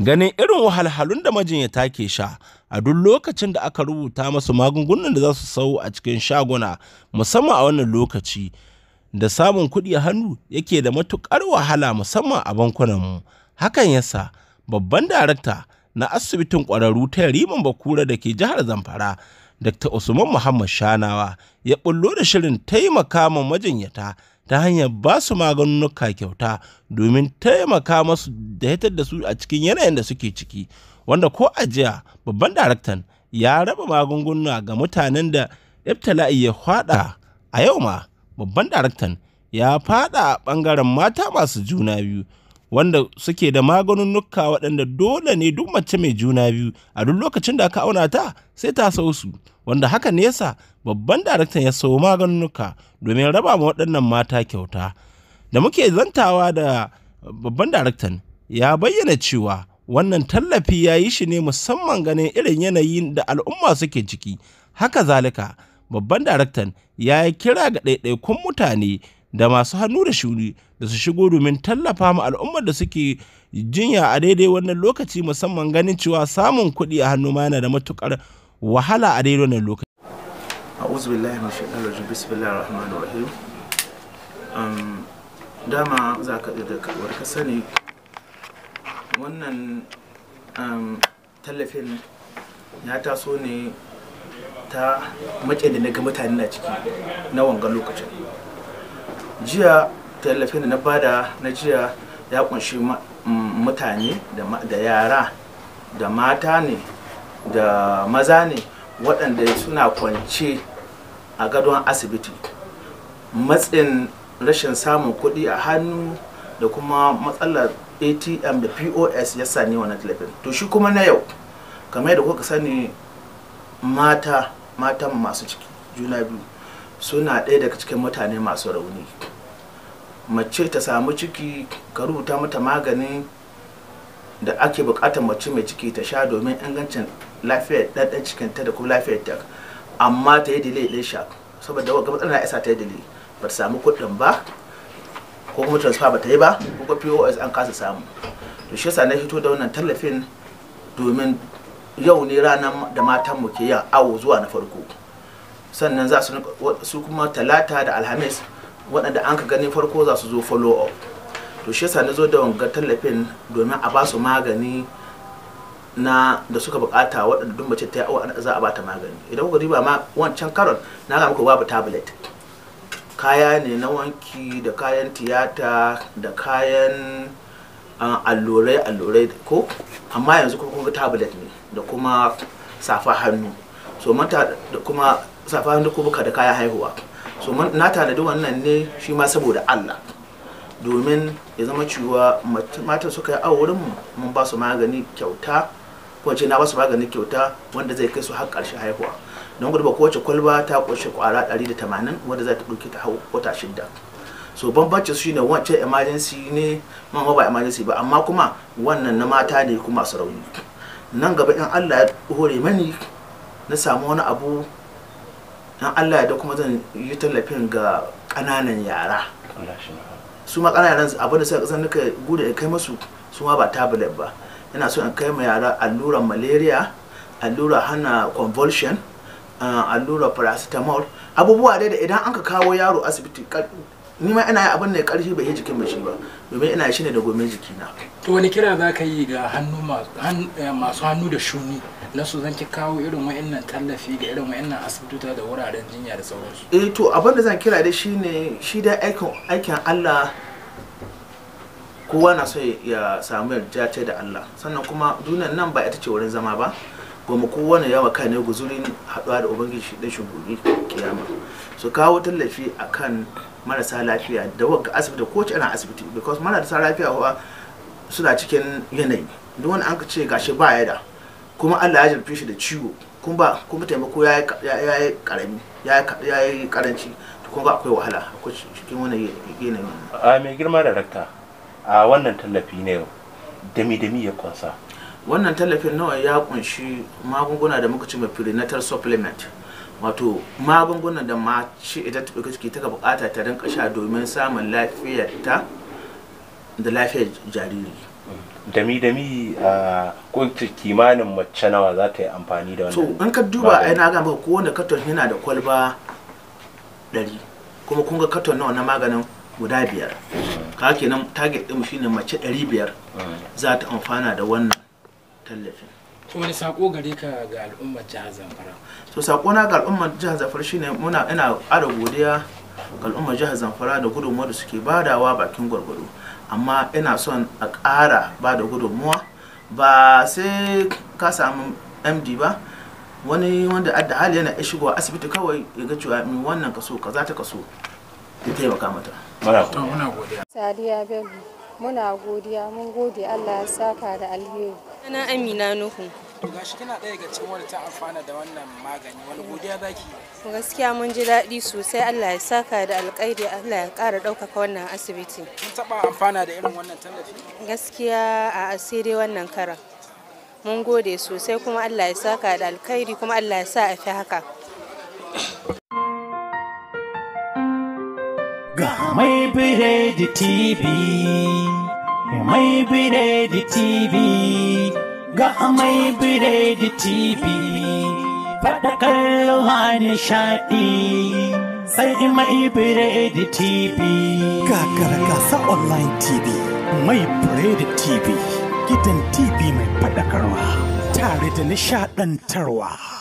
ganin irin wahalhalun da majinyata ke sha a duk lokacin da aka rubuta masu magungunan da za su sau a cikin shaguna musamman a wannan lokaci da samun kuɗi hannu yake da matuƙar wahala musamman a bankunanmu hakan yasa babban darakta na asibitin ƙwararru ta riman bakura da ke jihar zamfara dr usman muhammad shanawa ya bullo da shirin taimaka ma majinyata ta hanyar ba su maganunuka kyauta domin taimaka masu da da su a cikin yanayin da suke ciki wanda ko ajiya babban daraktan ya raba magunguna ga mutanen da iftala'i ya fada a yau ma babban daraktan ya fada a bangaren mata masu juna biyu wanda suke da maganunuka waɗanda dole ne duk mace mai juna biyu a duk lokacin da aka auna ta sai ta sau su wanda haka ne yasa babban daraktan ya sau maganunuka domin raba ma waɗannan mata kyauta da muke zantawa da babban daraktan ya bayyana cewa wannan tallafi ya yi shi ne musamman ganin irin yanayin da al'umma suke ciki haka zalika babban daraktan ya yi kira ga ɗaiɗaikun mutane da masu hannu da shuni da su shigo domin tallafa ma al'ummar da suke jinya a daidai wannan lokaci musamman ganin cewa samun kuɗi a hannu ma yana da matukar wahala a daidai wannan lokaci. a'udhu billahi min shaitanir rajim bismillahir rahmanir rahim dama za ka da kawar ka sani wannan tallafin ya taso ne ta matsayin da na ga mutane na ciki na wangan lokacin jiya tallafin da na bada na jiya ya kunshi mm, mutane da yara da mata ne da maza ne waɗanda suna kwance a gadon asibiti matsin rashin samun kuɗi a hannu da kuma matsalar atm da pos ya sani wani tallafin to shi kuma na yau kamar da kuka sani mata matan masu ciki juna biyu suna ɗaya daga cikin mutane masu rauni mace ta samu ciki ka rubuta mata magani da ake bukatar mace mai ciki ta sha domin ingancin lafiyar ɗanɗan cikinta da kuma lafiyar ta amma ta yi delay ɗin sha saboda wa gabatar na isa ta yi delay ba ta samu kuɗin ba ko kuma transfer ba ta yi ba ko kuma pos an kasa samu to shi yasa na fito da wannan tallafin domin yau ne ranar da mu ke yin awo zuwa na farko sannan za su kuma talata da alhamis waɗanda an ka gani farko za su zo follow up to shi yasa na zo da wanga tallafin domin a ba su magani na da suka bukata waɗanda duk mace ta yi za a ba ta magani idan kuka riba ma wancan karon na ga muku babu tablet kaya ne na wanki da kayan tiyata da kayan allurai allurai ko amma yanzu kuma ga tablet ne da kuma safa hannu so mata da kuma safa hannu ko da kayan haihuwa so na tanadi wannan ne shi ma saboda allah domin ya zama cewa mata suka yi a mun ba su magani kyauta ko ce na ba su magani kyauta wanda zai kai su har karshe haihuwa don gudu ba kowace kwalba ta kwashe ƙwara 180 wanda za ta ɗauki ta hau wata shida so bambancin su ne wancan emergency ne ma ba emergency ba amma kuma wannan na mata ne kuma su rauni nan gaba in allah ya hore mani na samu wani abu dan Allah ya da kuma zan yi tallafin ga ƙananan yara su ma ƙananan yaran abin da suka kasan gudu kai masu su ma ba tablet ba yana so in kai ma yara allurar malaria allura hana convulsion eh, allura paracetamol abubuwa dai da idan an kawo yaro asibiti ni ma ina abin da karfi bai yi jikin ba shi ba domin ina shi ne da gomin jikina to wani kira za ka yi ga hannu masu eh, hannu da shuni na su zan ki kawo irin wa'annan tallafi ga irin wa'annan asibitota da wuraren jinya da sauransu eh to abin da zan kira da shi ne shi da aikin aikin Allah kowa na so ya samu yarda da Allah sannan kuma duniyar nan ba ita ce wurin zama ba wa mu kowane yawa kai ne guzurin haɗuwa da ubangiji shi dan shuguri kiyama su kawo tallafi akan marasa lafiya da wanka asibiti ko ana asibiti because marasa lafiya kuwa suna cikin yanayi duk wani an ka ce gashi ba ya da kuma Allah ya jarfe shi da ciwo kuma ba kuma taimako ya yi karami ya yi karanci to kuma akwai wahala akwai cikin wani yanayi a mai girma da rakta a wannan tallafi ne dami-dami ya kunsa wannan tallafin nawa ya kunshi magunguna da muka ce ma prenatal supplement wato magungunan da mace ita ciki ta bukata ta rinka sha domin samun lafiyarta da lafiyar jariri dami dami a kimanin mace nawa za ta yi amfani da wannan to in ka duba ai na ga ko kowane katon yana da kwalba 100 kuma kun ga katon nawa na maganin guda biyar ka kenan target din shine mace 500 mm. za ta amfana da wannan tallafin ne sako gare ka ga al'ummar jihar zamfara to sako na ga al'ummar jihar zamfara shine muna ina ƙara godiya ga al'ummar jihar zamfara da gudunmuwa da suke badawa bakin gwargwado amma ina son a ƙara ba da gudunmuwa ba sai ka samu md ba wani wanda adda hali yana ya shigo asibiti kawai ya ga cewa min mm, wannan kaso kaza ta kaso ya taimaka mata muna godiya bello muna godiya mun gode allah ya saka da alheri Ana Amina Nuhu. gashi kina ɗaya ga cikin wadda ta amfana da wannan magani wani godiya zaki gaskiya mun ji daɗi sosai Allah ya saka da alƙairi Allah ya ƙara ɗaukaka wannan asibiti mun taɓa amfana da irin wannan tallafi gaskiya a asiri wannan kara mun gode sosai kuma Allah ya saka da alƙairi kuma Allah ya sa a fi haka ga mai da tv Mai Biredi TV ga Mai Biredi TV faɗakar ruwa nishaɗi sai Mai Biredi TV. Kakar gasa online TV Mai Biredi TV gidan TV mai faɗakarwa tare da nishaɗantarwa.